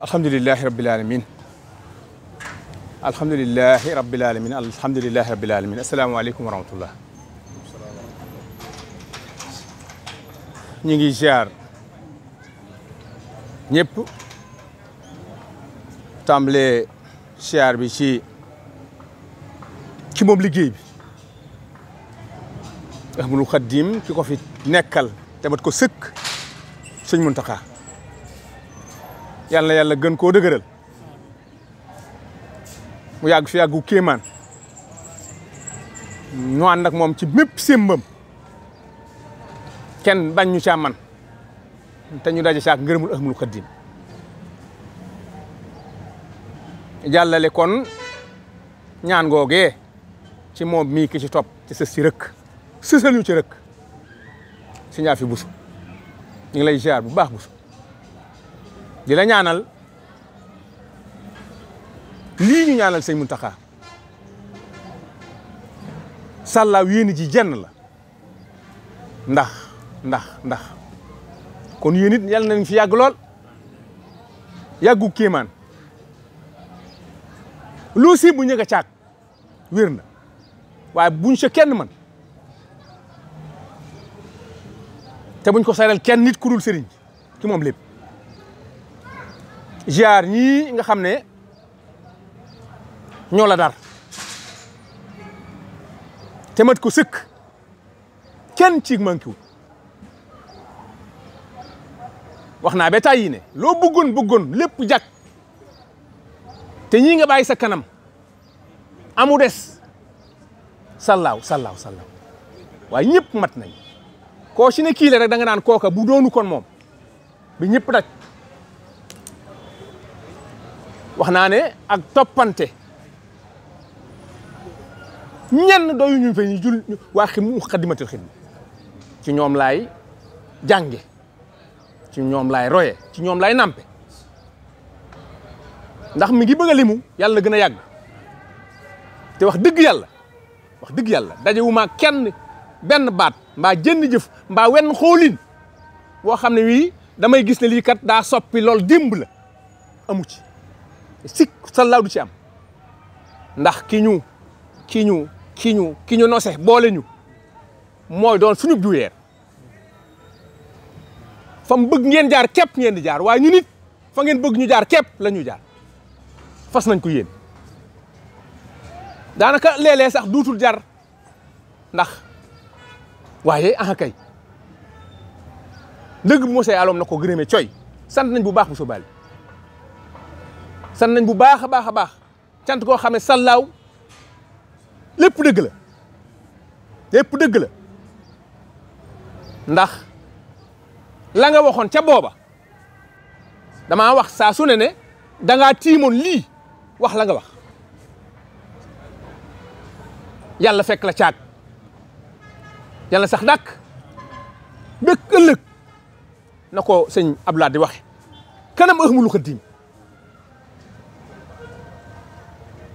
alhamdulilahi rabbil alamin alhamdulilahi rabbil alamin alhamdulilahi rabbil alamin asalaamaaleykum wa rahmatullah ñu ngi ziar ñëpp tàmbalee ziar bi ci ci moom liggéey bi Ahmadul Xadim ki ko fi nekkal te mat ko sëkk sëñ Muntaxa yàlla yàlla gën koo dëgëral mu yàgg fi yàggu kéemaan ñu ànd ak moom ci mépp simbëm kenn bañ ñu caa te ñu daje caak ngërëmul ahmul xaddim jàllale kon ñaan googee ci moom mii ki ci topp ci ci rëkk sësal ñu ci rëkk si ñaa busu ñu ngi lay ziar bu baax busu di ñaanal lii ñu ñaanal sëñ Muntaxa sàllaaw yéen ji jenn la ndax ndax ndax kon yéen it yàlla nañ fi yàgg lool yàggu kéemaan loo si bu ñëkk a caag wér na waaye buñ sa kenn man te buñ ko sareel kenn nit ku dul sëriñ ki moom lépp ziar ñii nga xam ne ñoo la dar te mat ko sëkk kenn ciig mankiwul wax naa ba tàyyi ne loo bëggoon bëggoon lépp jag te ñii nga bàyyi sa kanam amu des sallaaw sallaaw sallaaw waaye ñëpp mat nañ koo ci ne kii la rek da nga naan kooka bu doonu kon moom bi ñëpp daj wax naa ne ak toppante ñenn doyu ñu fa ñu jul waa xi mu xadimatul xidma ci ñoom laay jànge ci ñoom laay roye ci ñoom laay nàmpe ndax mi ngi bëgg a limu yàlla gën a yàgg te wax dëgg yàlla wax dëgg yàlla dajewuma kenn benn baat mba jënn jëf mbaa wenn xoolin boo xam ne wii damay gis ne lii kat daa soppi lool démb la amu ci sikk sa law ci am ndax ki ñu ki ñu ki ñu ki nose boole ñu mooy doon suñu duyeer fa mu bëgg ngeen jaar képp ngeen di jaar waaye ñu nit fa ngeen bëgg ñu jaar képp la ñuy jaar fas nañ ko yéen daanaka léeg sax duutul jar ndax waaye ah kay dëgg bu mosee aloom na ko gërëmee coy sant nañ bu baax bu sobaali sant nañ bu baax a baax a baax cant koo xam ne sallaaw lépp dëgg la lépp dëgg la ndax la nga waxoon ca booba dama wax saa su ne ne dangaa tiimoon lii wax la nga wax yàlla fekk la caag yàlla sax dàkk békk na ko sëñ Abdoulaye di waxe kanam ahmulu xaddiim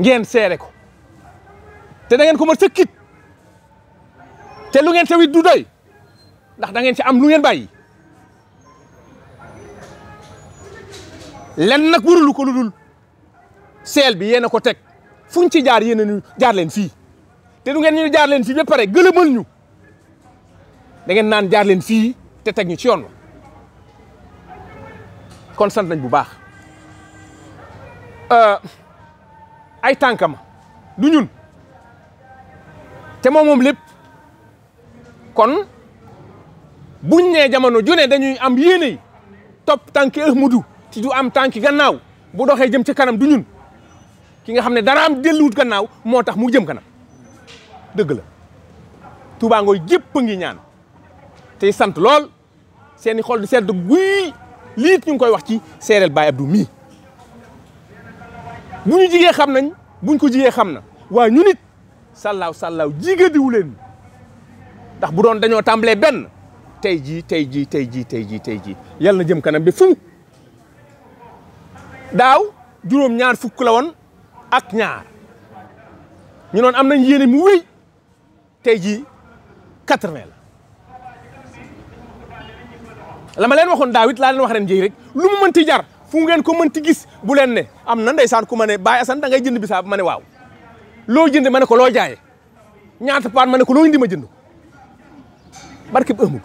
ngeen seere ko te da ko mën sëkkit te lu ngeen sewit du doy ndax dangeen ngeen ci am lu ngeen bàyyi lenn nag warulu ko lu dul seel bi yéen a ko teg fuñ ci jaar yéen a ñu jaar leen fii te du ngeen ñu jaar leen fii ba pare gëlëmal ñu dangeen naan jaar leen fii te teg ñu ci yoon wa kon sant nañ bu baax euh, ay tànkam du ñun te moom moom lépp kon buñ nee jamono ju dañuy am yéene topp tànki Ahmadu ci du am tànki gannaaw bu doxee jëm ci kanam du ñun ki nga xam ne dara am delluwut gannaaw moo tax mu jëm kanam dëgg la Touba Ngoye jëpp ngi ñaan tey sant lool seeni xol di sedd guy liit ñu koy wax ci seereel Baye Abdou mii bu ñu jigee xam nañ buñ ko jigee xam na waa ñu nit sàllaaw sàllaaw jigéen diwu leen ndax bu doon dañoo tàmbalee benn tey jii tey jii tey jii tey jii tey jii yàlla na jëm kanam bi fu daaw juróom ñaar fukk la woon ak ñaar ñu noon am nañ yéene mu wéy tey jii quatre-vingts la la ma leen waxoon daaw it laa leen wax ren jii rek lu mu mënti jar fu ngeen ko mënti gis bu leen ne am na ndeysaan ku ma ne Baye Assane da ngay jënd bisaab ma ne waaw loo jënd ma ne ko loo jaayee ñaata paan ma ne ko loo indi ma jënd barke bi amul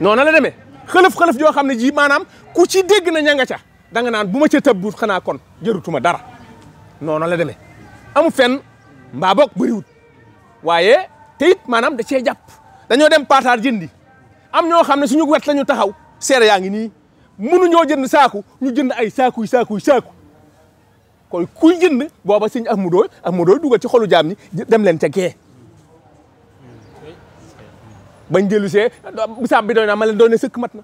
noonu la demee xëlëf-xëlëf joo xam ne ji maanaam ku ci dégg na ña nga ca da nga naan bu ma ca tëbbuut xanaa kon jërutuma dara noonu la demee amu fen mbaa boog bëriwut waaye te it maanaam da cee jàpp dañoo dem paataar jëndi am ñoo xam ne suñu wet la ñu taxaw seere yaa ngi nii mënuñoo jënd saaku ñu jënd ay saakuy saakuy saaku kon kuy jënd booba sëñ Ahmadou Ahmadou dugal ci xolu jaam ñi dem leen ca gee bañ dellu see bisaab bi doy naa ma leen doone sëkk mat na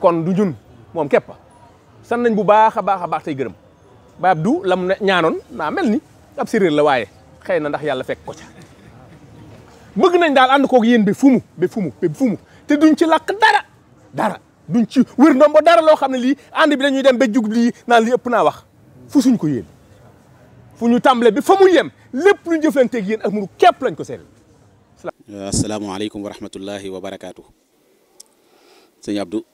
kon du ñun moom képp san nañ bu baax a baax a baax tey gërëm baab du lam ñaanoon naa mel ni ab séréer la waaye xëy na ndax yàlla fekk ko ca bëgg nañ daal ànd koog yéen bi fumu bi fumu te duñ ci làkk dara duñ ci wër ndombo dara loo xam ne lii ànd bi dañuy dem ba jug lii naan li ëpp naa wax fu suñ ko yéen fu ñu tàmbalee bi fa mu yem lépp luñ jëflanteeg yéen ak muru képp lañ ko seetal. asalaamaaleykum wa rahmatullahi wa barakaatu. sëñ Abdou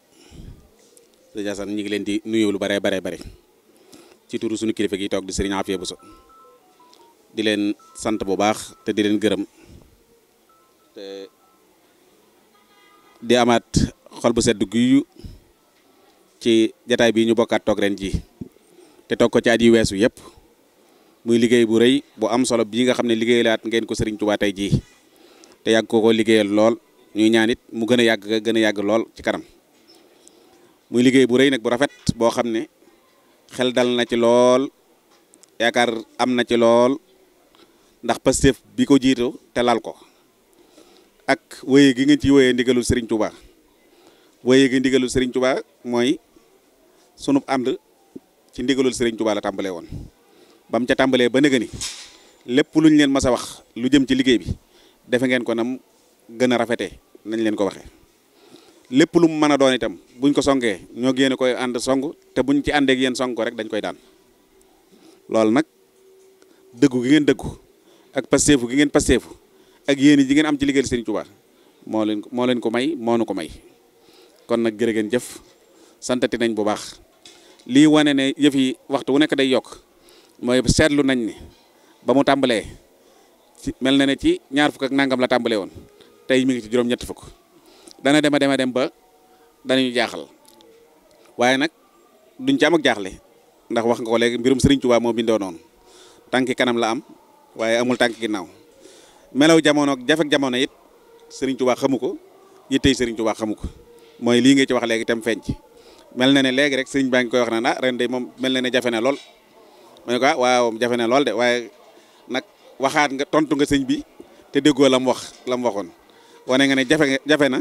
ñu ngi leen di nuyu lu bare bare bare ci turu suñu kilifa gi toog di sëriñ Afia Bousso di leen sant bu baax te di leen gërëm di amaat. xol bu sedd guyu ci jataay bi ñu bokkaat toog ren ji te toog ko ci at weesu yëpp muy liggéey bu rëy bu am solo bii nga xam ne liggéey ngeen ko Serigne Touba tey jii te yàgg ko ko liggéeyal lool ñuy ñaanit mu gën a yàgg gën a yàgg lool ci kanam muy liggéey bu rëy nag bu rafet boo xam ne xel dal na ci lool yaakaar am na ci lool ndax Pastef bi ko jiitu te lal ko ak wéye gi nga ci wéyee ndigalul Serigne Touba waaye gi ndigalul Serigne Touba mooy sunu ànd ci ndigalul Serigne Touba la tàmbalee woon ba ca tàmbalee ba nëgëni lépp lu ñu leen mas a wax lu jëm ci liggéey bi defe ngeen ko nam gën a rafetee nañ leen ko waxee lépp lu mu mën a doon itam buñ ko songee ñoo génne koy ànd song te buñ ci àndeek yéen song ko rek dañ koy daan loolu nag dëggu gi ngeen dëggu ak pasteefu gi ngeen pasteefu ak yéen ji ngeen am ci liggéeyal Serigne Touba moo leen ko moo leen ko may moo nu ko may. kon nag jërë ngeen jëf santati nañ bu baax li wane ne yëf yi waxtu wu nekk day yokk mooy seetlu nañ ni ba mu tàmbalee ci mel na ne ci ñaar fukk ak nangam la tàmbale woon tey mi ngi ci juróom-ñett fukk dana dema dema dem ba danañu jaaxal waaye nag duñ ci jaaxle ndax wax nga ko léegi mbirum Serigne Touba moo bindoo noonu tànki kanam la am waaye amul tànk ginnaaw melaw jamono ak jafek jamono it Serigne Touba xamu ko yittey Serigne Touba xamu ko. mooy lii nga ci wax léegi tam feeñ ci mel na ne léegi rek sëriñ baa ngi koy wax na na ah, ren de moom mel na ne jafe na lool ma ne ko ah waaw jafe na lool de waaye nag waxaat nga tontu nga sëñ bi te déggoo la mu la mu wane nga ne jafe jafe na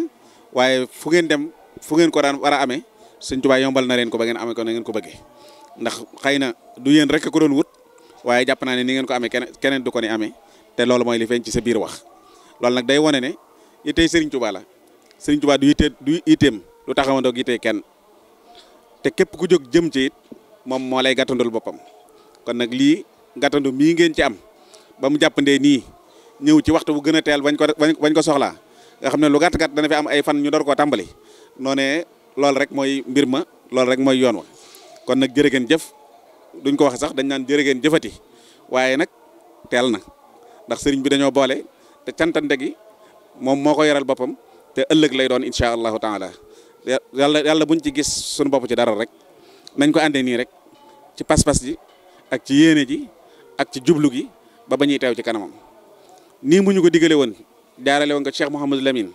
waaye fu ngeen dem fu ngeen ko daan war amee sëñ Tuubaa yombal na leen ko ba ngeen amee ko na ngeen ko bëggee ndax xëy na du rek ko doon wut waaye jàpp naa ne ni ngeen ko amee keneen du ko ni amee te loolu mooy li feeñ ci sa biir wax loolu nag day wane ne itay sëriñ Tuubaa la sëriñ Tuubaa du yitte du itteem du taxawandoog yitte kenn te képp ku jóg jëm ci it moom moo lay gàttandul boppam kon nag lii gàttandu mii ngeen ci am ba mu jàppandee nii ñëw ci waxtu bu gën a teel bañ ko bañ ko soxlaa xam ne lu gàtt gàtt dana fi am ay fan ñu door koo tàmbali noo ne loolu rek mooy mbir ma loolu rek mooy yoon wa kon nag jërë ngeen jëf duñ ko waxe sax dañ naan jërë ngeen jëfati waaye nag teel na ndax sëriñ bi dañoo boole te cantante gi moom moo ko yaral boppam te ëllëg lay doon incha allahu taala yàlla yàlla buñ ci gis sunu bopp ci dara rek nañ ko àndee nii rek ci pas-pas ji ak ci yéene ji ak ci jublu gi ba ba ñuy teew ci kanamam. nii mu ñu ko digale woon jaarale woon ko Cheikh Mouhamadou Lamine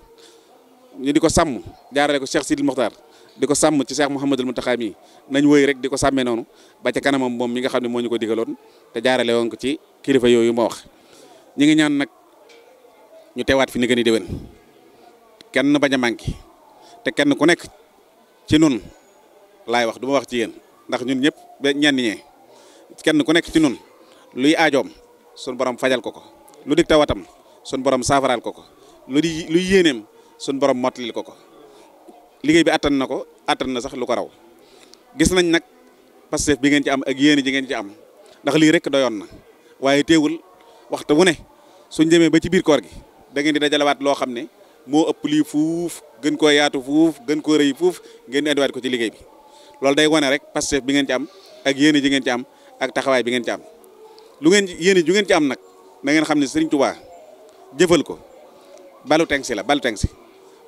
ñu di ko sàmm jaarale ko Cheikh Sidil Mokhtar di ko sàmm ci Cheikh Mouhamadul Mountakha mi nañ wëy rek di ko sàmmee noonu ba ci kanamam moom mi nga xam ne moo ñu ko digaloon te jaarale woon ko ci kilifa yooyu ma wax ñu ngi ñaan nag ñu teewaat fi ni kenn bañ manqué te kenn ku nekk ci nun laay wax du ma wax ci yéen ndax ñun ñëpp ñenn ñee kenn ku nekk ci nun luy aajoom sun borom fajal ko ko lu di tawatam sun borom saafaraal ko ko lu di luy yéeneem sun borom mottalil ko ko liggéey bi attan na ko attan na sax lu ko raw gis nañ nag Pastef bi ngeen ci am ak yéene ji ngeen ci am ndax lii rek doyoon na waaye teewul waxtu wu ne suñ demee ba ci biir koor gi da ngeen di dajalawaat loo xam ne moo ëpp lii fuuf gën koo yaatu fuuf gën koo rëy fuuf ngeen di ko ci liggéey bi loolu day wane rek Pastef bi ngeen ci am ak yéene ji ngeen ci am ak taxawaay bi ngeen ci am lu ngeen yéene ju ngeen ci am nag na ngeen xam ne Serigne Touba jëfal ko balu teng si la balu teng si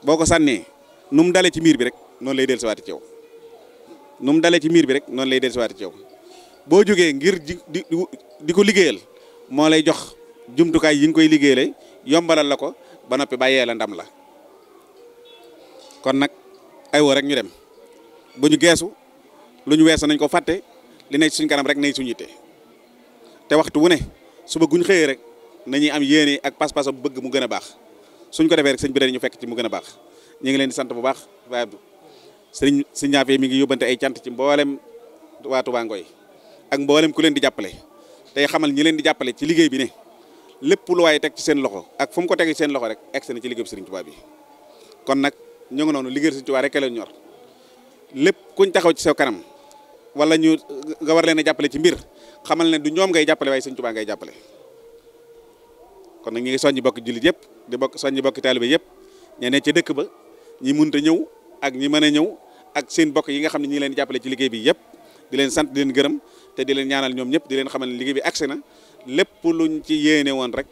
boo ko sànnee nu mu dalee ci miir bi rek noonu lay dellusiwaat ci yow nu mu ci miir bi rek noonu lay dellusiwaat ci yow boo jogee ngir di di ko liggéeyal moo lay jox jumtukaay yi nga koy liggéeyale yombalal la ko ba noppi bàyyee la ndam la kon nag aywa rek ñu dem bu ñu geesu lu ñu weesu nañ ko fàtte le nekk suñ kanam rek nay suñu yitte te waxtu wu ne suba guñ xëyee rek na nañuy am yéene ak pas-pas bu bëgg mu gën a baax suñ ko defee rek sëñ bi ñu fekk ci mu gën a baax ñu ngi leen sant bu baax waaye sëriñ sëñ ñaafee mi ngi yóbbante ay cant ci mboolem waa Touba ak mboolem ku leen di jàppale tey xamal ñi leen di jàppale ci liggéey bi ne lépp lu waaye teg ci seen loxo ak fu ko teg ci seen loxo rek egg na ci liggéeyu Serigne Touba bi kon nag ñu ngi noonu liggéeyu Serigne Touba rek leen ñor lépp kuñ taxaw ci sa kanam wala ñu nga war leen a jàppale ci mbir xamal ne du ñoom ngay jàppale waaye Serigne Touba ngay jàppale kon nag ñu ngi soññi bokk jullit yëpp di bokk soññi bokk taalibe yëpp ña ne ci dëkk ba ñi mënut ñëw ak ñi mën a ñëw ak seen bokk yi nga xam ne ñi leen jàppale ci liggéey bi yëpp di leen sant di leen gërëm te di leen ñaanal ñoom ñëpp di leen xamal ne liggéey bi agsi na lépp luñ ci yéene woon rek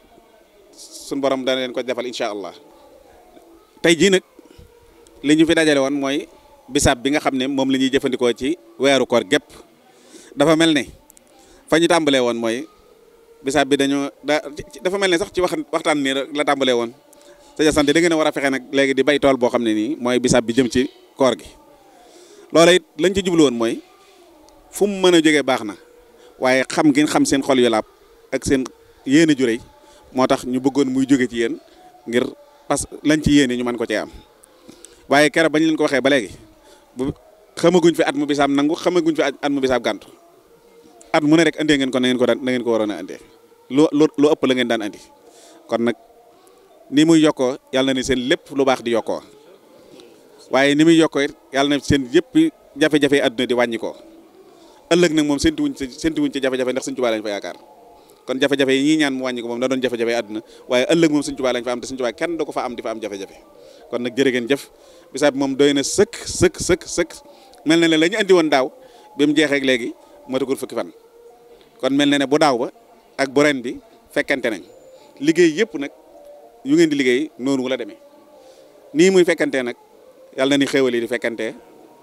suñ borom dana leen ko defal incha allah tey jii nag li ñu fi dajale woon mooy bisaab bi nga xam ne moom la ñuy jëfandikoo ci weeru koor gépp dafa mel ne fa ñu woon mooy bisaab bi dañoo da dafa mel ne sax ci wax waxtaan nii la tàmbalee woon sëñ sant da ngeen a war a fexe nag léegi di bay tool boo xam ne nii mooy bisaab bi jëm ci koor gi loola it lañ ci jublu woon mooy fu mu mën a jógee baax na waaye xam ngeen xam seen xol yu ak seen yéene ju rëy moo tax ñu bëggoon muy jóge ci yéen ngir parce que lañ ci yéene ñu man ko cee am waaye keroog bañ leen ko waxee ba léegi bu xamaguñ fi at mu bisaab nangu xamaguñ fi at mu bisaab gàntu at mu ne rek andee ngeen ko na ko daan na ngeen ko waroon andee lu lu ëpp la ngeen daan andi kon nag ni muy yokkoo yàlla ni seen lépp lu baax di yokkoo waaye ni muy yokkoo it yàlla na seen yëpp jafe-jafe adduna di wàññi ko ëllëg nag moom séntuwuñ ci séntuwuñ ci jafe-jafe ndax Sëñ Tuubaa lañ fa yaakaar. kon jafe-jafe yi ñii ñaan mu wàññi moom da doon jafe-jafe àdduna waaye ëllëg moom Sëñ Tuubaa lañ fa am te Sëñ Tuubaa kenn da ko fa am di fa am jafe-jafe kon nag jërë jëf bisaab moom doy na sëkk sëkk sëkk sëkk mel na ne la ñu andi woon daaw bi mu jeexee léegi matagul fukki fan kon mel na ne bu daaw ba ak bu ren bi fekkente nañ liggéey yépp nag yu ngeen di liggéey noonu la demee nii muy fekkantee nag yàlla na ni xéewal yi di fekkantee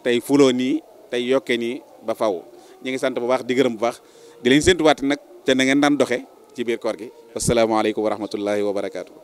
tey fuloo nii tey yokkee nii ba faw ñu ngi sant bu baax di gërëm bu baax di nag te na ngeen daan doxe ci biir koor gi asalaamaaleykum wa rahmatullahi wa barakaatu.